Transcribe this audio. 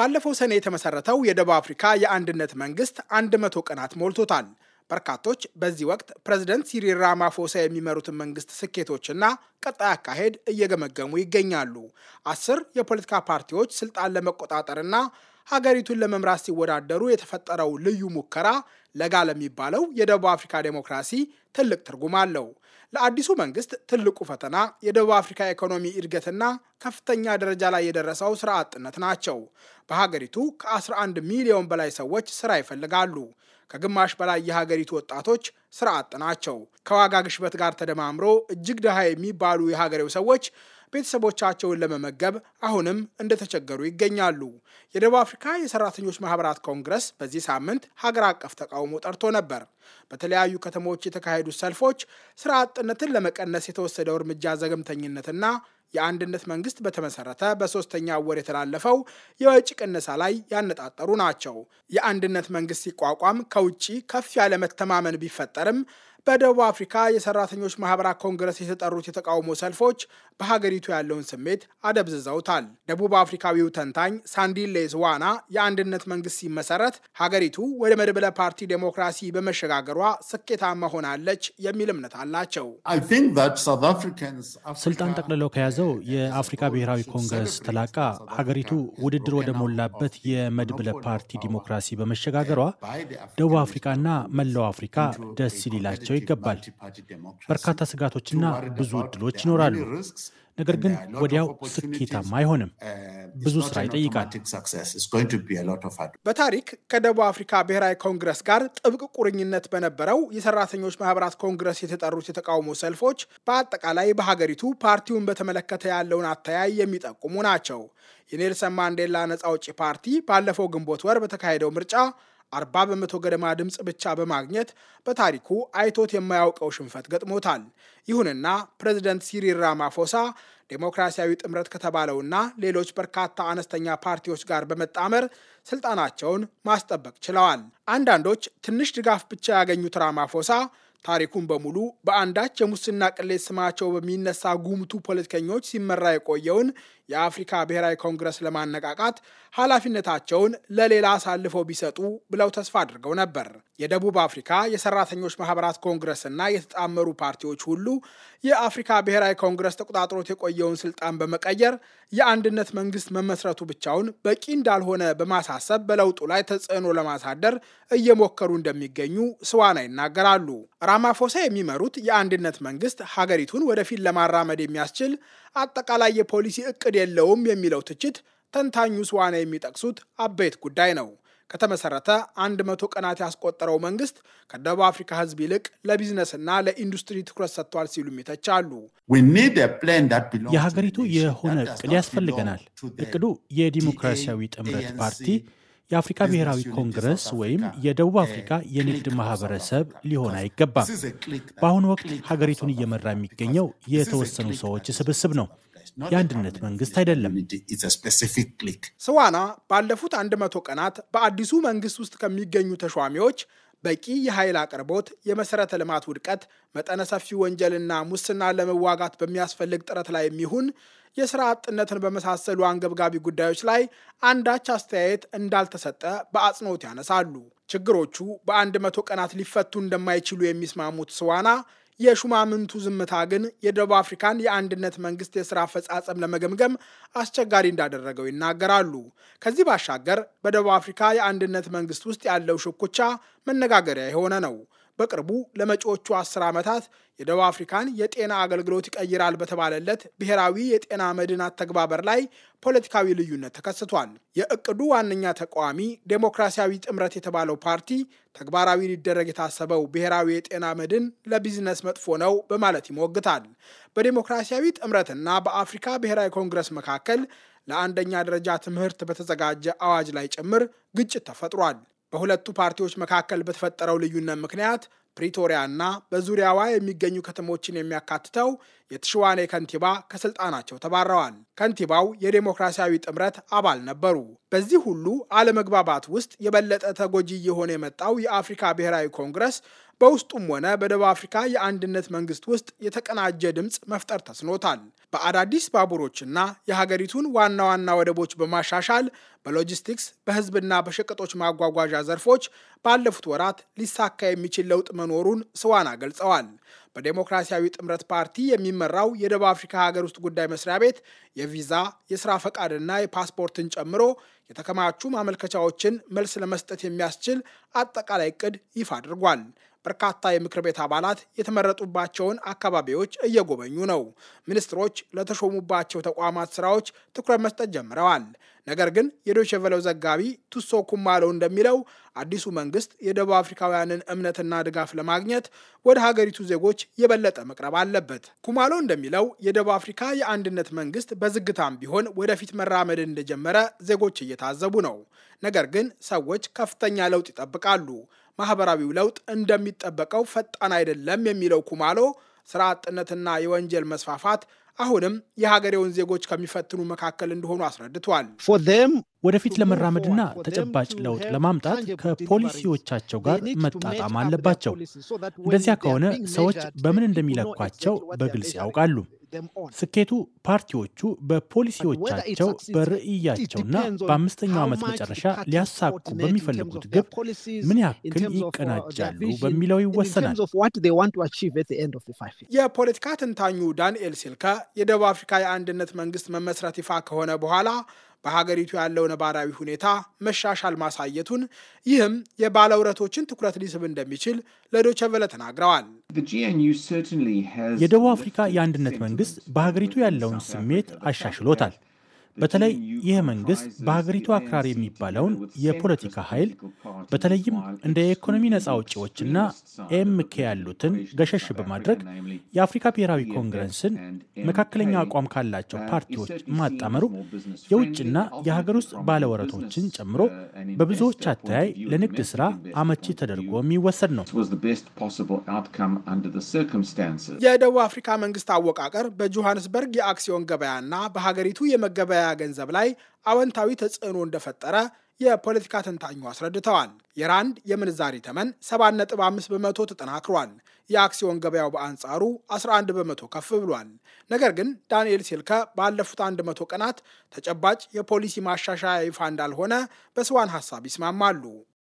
ባለፈው ሰኔ የተመሰረተው የደቡብ አፍሪካ የአንድነት መንግስት 100 ቀናት ሞልቶታል። በርካቶች በዚህ ወቅት ፕሬዝደንት ሲሪል ራማፎሳ የሚመሩትን መንግስት ስኬቶችና ቀጣይ አካሄድ እየገመገሙ ይገኛሉ። አስር የፖለቲካ ፓርቲዎች ስልጣን ለመቆጣጠርና ሀገሪቱን ለመምራት ሲወዳደሩ የተፈጠረው ልዩ ሙከራ ለጋ ለሚባለው የደቡብ አፍሪካ ዴሞክራሲ ትልቅ ትርጉም አለው። ለአዲሱ መንግስት ትልቁ ፈተና የደቡብ አፍሪካ ኢኮኖሚ እድገትና ከፍተኛ ደረጃ ላይ የደረሰው ስራ አጥነት ናቸው። በሀገሪቱ ከ11 ሚሊዮን በላይ ሰዎች ስራ ይፈልጋሉ። ከግማሽ በላይ የሀገሪቱ ወጣቶች ስራ አጥ ናቸው። ከዋጋ ግሽበት ጋር ተደማምሮ እጅግ ድሃ የሚባሉ የሀገሬው ሰዎች ቤተሰቦቻቸውን ለመመገብ አሁንም እንደተቸገሩ ይገኛሉ። የደቡብ አፍሪካ የሰራተኞች ማህበራት ኮንግረስ በዚህ ሳምንት ሀገር አቀፍ ተቃውሞ ጠርቶ ነበር። በተለያዩ ከተሞች የተካሄዱት ሰልፎች ስራ አጥነትን ለመቀነስ የተወሰደው እርምጃ ዘገምተኝነትና የአንድነት መንግስት በተመሰረተ በሶስተኛ ወር የተላለፈው የወጪ ቅነሳ ላይ ያነጣጠሩ ናቸው። የአንድነት መንግስት ሲቋቋም ከውጭ ከፍ ያለ መተማመን ቢፈጠርም በደቡብ አፍሪካ የሰራተኞች ማህበራት ኮንግረስ የተጠሩት የተቃውሞ ሰልፎች በሀገሪቱ ያለውን ስሜት አደብዝዘውታል። ደቡብ አፍሪካዊው ተንታኝ ሳንዲሌ ዝዋና የአንድነት መንግስት ሲመሰረት ሀገሪቱ ወደ መድበለ ፓርቲ ዴሞክራሲ በመሸጋገሯ ስኬታማ ሆናለች የሚል እምነት አላቸው። ስልጣን ጠቅልለው ከያዘው የአፍሪካ ብሔራዊ ኮንግረስ ተላቃ ሀገሪቱ ውድድር ወደ ሞላበት የመድብለ ፓርቲ ዲሞክራሲ በመሸጋገሯ ደቡብ አፍሪካና መላው አፍሪካ ደስ ይላቸው ሊኖራቸው ይገባል። በርካታ ስጋቶችና ብዙ እድሎች ይኖራሉ። ነገር ግን ወዲያው ስኬታም አይሆንም። uh, ብዙ ስራ ይጠይቃል። በታሪክ ከደቡብ አፍሪካ ብሔራዊ ኮንግረስ ጋር ጥብቅ ቁርኝነት በነበረው የሰራተኞች ማህበራት ኮንግረስ የተጠሩት የተቃውሞ ሰልፎች በአጠቃላይ በሀገሪቱ ፓርቲውን በተመለከተ ያለውን አተያይ የሚጠቁሙ ናቸው። የኔልሰን ማንዴላ ነፃ አውጪ ፓርቲ ባለፈው ግንቦት ወር በተካሄደው ምርጫ አርባ በመቶ ገደማ ድምፅ ብቻ በማግኘት በታሪኩ አይቶት የማያውቀው ሽንፈት ገጥሞታል። ይሁንና ፕሬዚደንት ሲሪል ራማፎሳ ዴሞክራሲያዊ ጥምረት ከተባለውና ሌሎች በርካታ አነስተኛ ፓርቲዎች ጋር በመጣመር ስልጣናቸውን ማስጠበቅ ችለዋል። አንዳንዶች ትንሽ ድጋፍ ብቻ ያገኙት ራማፎሳ ታሪኩን በሙሉ በአንዳች የሙስና ቅሌት ስማቸው በሚነሳ ጉምቱ ፖለቲከኞች ሲመራ የቆየውን የአፍሪካ ብሔራዊ ኮንግረስ ለማነቃቃት ኃላፊነታቸውን ለሌላ አሳልፈው ቢሰጡ ብለው ተስፋ አድርገው ነበር። የደቡብ አፍሪካ የሰራተኞች ማህበራት ኮንግረስና የተጣመሩ ፓርቲዎች ሁሉ የአፍሪካ ብሔራዊ ኮንግረስ ተቆጣጥሮት የቆየውን ስልጣን በመቀየር የአንድነት መንግስት መመስረቱ ብቻውን በቂ እንዳልሆነ በማሳሰብ በለውጡ ላይ ተጽዕኖ ለማሳደር እየሞከሩ እንደሚገኙ ስዋና ይናገራሉ። ራማፎሳ የሚመሩት የአንድነት መንግስት ሀገሪቱን ወደፊት ለማራመድ የሚያስችል አጠቃላይ የፖሊሲ እቅድ የለውም የሚለው ትችት ተንታኙ ስዋና የሚጠቅሱት አበይት ጉዳይ ነው። ከተመሰረተ አንድ መቶ ቀናት ያስቆጠረው መንግስት ከደቡብ አፍሪካ ህዝብ ይልቅ ለቢዝነስና ለኢንዱስትሪ ትኩረት ሰጥቷል ሲሉም አሉ። የሀገሪቱ የሆነ እቅድ ያስፈልገናል። እቅዱ የዲሞክራሲያዊ ጥምረት ፓርቲ የአፍሪካ ብሔራዊ ኮንግረስ ወይም የደቡብ eh, አፍሪካ የንግድ ማህበረሰብ ሊሆን አይገባም። በአሁኑ ወቅት ሀገሪቱን እየመራ የሚገኘው የተወሰኑ ሰዎች ስብስብ ነው፣ የአንድነት መንግስት አይደለም። ስዋና ባለፉት 100 መቶ ቀናት በአዲሱ መንግስት ውስጥ ከሚገኙ ተሿሚዎች በቂ የኃይል አቅርቦት፣ የመሰረተ ልማት ውድቀት፣ መጠነ ሰፊ ወንጀልና ሙስና ለመዋጋት በሚያስፈልግ ጥረት ላይ የሚሆን የስራ አጥነትን በመሳሰሉ አንገብጋቢ ጉዳዮች ላይ አንዳች አስተያየት እንዳልተሰጠ በአጽንኦት ያነሳሉ። ችግሮቹ በአንድ መቶ ቀናት ሊፈቱ እንደማይችሉ የሚስማሙት ስዋና የሹማምንቱ ዝምታ ግን የደቡብ አፍሪካን የአንድነት መንግስት የስራ አፈጻጸም ለመገምገም አስቸጋሪ እንዳደረገው ይናገራሉ። ከዚህ ባሻገር በደቡብ አፍሪካ የአንድነት መንግስት ውስጥ ያለው ሽኩቻ መነጋገሪያ የሆነ ነው። በቅርቡ ለመጪዎቹ አስር ዓመታት የደቡብ አፍሪካን የጤና አገልግሎት ይቀይራል በተባለለት ብሔራዊ የጤና መድን አተግባበር ላይ ፖለቲካዊ ልዩነት ተከስቷል። የእቅዱ ዋነኛ ተቃዋሚ ዴሞክራሲያዊ ጥምረት የተባለው ፓርቲ ተግባራዊ ሊደረግ የታሰበው ብሔራዊ የጤና መድን ለቢዝነስ መጥፎ ነው በማለት ይሞግታል። በዴሞክራሲያዊ ጥምረትና በአፍሪካ ብሔራዊ ኮንግረስ መካከል ለአንደኛ ደረጃ ትምህርት በተዘጋጀ አዋጅ ላይ ጭምር ግጭት ተፈጥሯል። በሁለቱ ፓርቲዎች መካከል በተፈጠረው ልዩነት ምክንያት ፕሪቶሪያ እና በዙሪያዋ የሚገኙ ከተሞችን የሚያካትተው የትሽዋኔ ከንቲባ ከስልጣናቸው ተባረዋል። ከንቲባው የዴሞክራሲያዊ ጥምረት አባል ነበሩ። በዚህ ሁሉ አለመግባባት ውስጥ የበለጠ ተጎጂ እየሆነ የመጣው የአፍሪካ ብሔራዊ ኮንግረስ በውስጡም ሆነ በደቡብ አፍሪካ የአንድነት መንግስት ውስጥ የተቀናጀ ድምፅ መፍጠር ተስኖታል። በአዳዲስ ባቡሮችና የሀገሪቱን ዋና ዋና ወደቦች በማሻሻል በሎጂስቲክስ በሕዝብና በሸቀጦች ማጓጓዣ ዘርፎች ባለፉት ወራት ሊሳካ የሚችል ለውጥ መኖሩን ስዋና ገልጸዋል። በዴሞክራሲያዊ ጥምረት ፓርቲ የሚመራው የደቡብ አፍሪካ ሀገር ውስጥ ጉዳይ መስሪያ ቤት የቪዛ የስራ ፈቃድና የፓስፖርትን ጨምሮ የተከማቹ ማመልከቻዎችን መልስ ለመስጠት የሚያስችል አጠቃላይ እቅድ ይፋ አድርጓል። በርካታ የምክር ቤት አባላት የተመረጡባቸውን አካባቢዎች እየጎበኙ ነው። ሚኒስትሮች ለተሾሙባቸው ተቋማት ስራዎች ትኩረት መስጠት ጀምረዋል። ነገር ግን የዶይቼ ቬለው ዘጋቢ ቱሶ ኩማሎ እንደሚለው አዲሱ መንግስት የደቡብ አፍሪካውያንን እምነትና ድጋፍ ለማግኘት ወደ ሀገሪቱ ዜጎች የበለጠ መቅረብ አለበት። ኩማሎ እንደሚለው የደቡብ አፍሪካ የአንድነት መንግስት በዝግታም ቢሆን ወደፊት መራመድ እንደጀመረ ዜጎች እየታዘቡ ነው። ነገር ግን ሰዎች ከፍተኛ ለውጥ ይጠብቃሉ። ማህበራዊው ለውጥ እንደሚጠበቀው ፈጣን አይደለም የሚለው ኩማሎ ስራ አጥነትና የወንጀል መስፋፋት አሁንም የሀገሬውን ዜጎች ከሚፈትኑ መካከል እንደሆኑ አስረድቷል። ወደፊት ለመራመድና ተጨባጭ ለውጥ ለማምጣት ከፖሊሲዎቻቸው ጋር መጣጣም አለባቸው። እንደዚያ ከሆነ ሰዎች በምን እንደሚለኳቸው በግልጽ ያውቃሉ። ስኬቱ ፓርቲዎቹ በፖሊሲዎቻቸው በርዕያቸውና በአምስተኛው ዓመት መጨረሻ ሊያሳኩ በሚፈልጉት ግብ ምን ያክል uh, ይቀናጃሉ በሚለው ይወሰናል። የፖለቲካ ትንታኙ ዳንኤል ሲልከ የደቡብ አፍሪካ የአንድነት መንግስት መመስረት ይፋ ከሆነ በኋላ በሀገሪቱ ያለው ነባራዊ ሁኔታ መሻሻል ማሳየቱን ይህም የባለውረቶችን ትኩረት ሊስብ እንደሚችል ለዶቸቨለ ተናግረዋል። የደቡብ አፍሪካ የአንድነት መንግስት በሀገሪቱ ያለውን ስሜት አሻሽሎታል። በተለይ ይህ መንግስት በሀገሪቱ አክራሪ የሚባለውን የፖለቲካ ኃይል በተለይም እንደ የኢኮኖሚ ነፃ አውጪዎችና ኤምኬ ያሉትን ገሸሽ በማድረግ የአፍሪካ ብሔራዊ e ኮንግረስን መካከለኛ አቋም ካላቸው uh, ፓርቲዎች ማጣመሩ የውጭና የሀገር ውስጥ ባለወረቶችን ጨምሮ uh, በብዙዎች አተያይ ለንግድ ስራ አመቺ ተደርጎ የሚወሰድ ነው። የደቡብ አፍሪካ መንግስት አወቃቀር በጆሃንስበርግ የአክሲዮን ገበያና በሀገሪቱ የመገበያ መለያ ገንዘብ ላይ አወንታዊ ተጽዕኖ እንደፈጠረ የፖለቲካ ተንታኙ አስረድተዋል። የራንድ የምንዛሪ ተመን 7.5 በመቶ ተጠናክሯል። የአክሲዮን ገበያው በአንጻሩ 11 በመቶ ከፍ ብሏል። ነገር ግን ዳንኤል ሲልከ ባለፉት 100 ቀናት ተጨባጭ የፖሊሲ ማሻሻያ ይፋ እንዳልሆነ በስዋን ሀሳብ ይስማማሉ።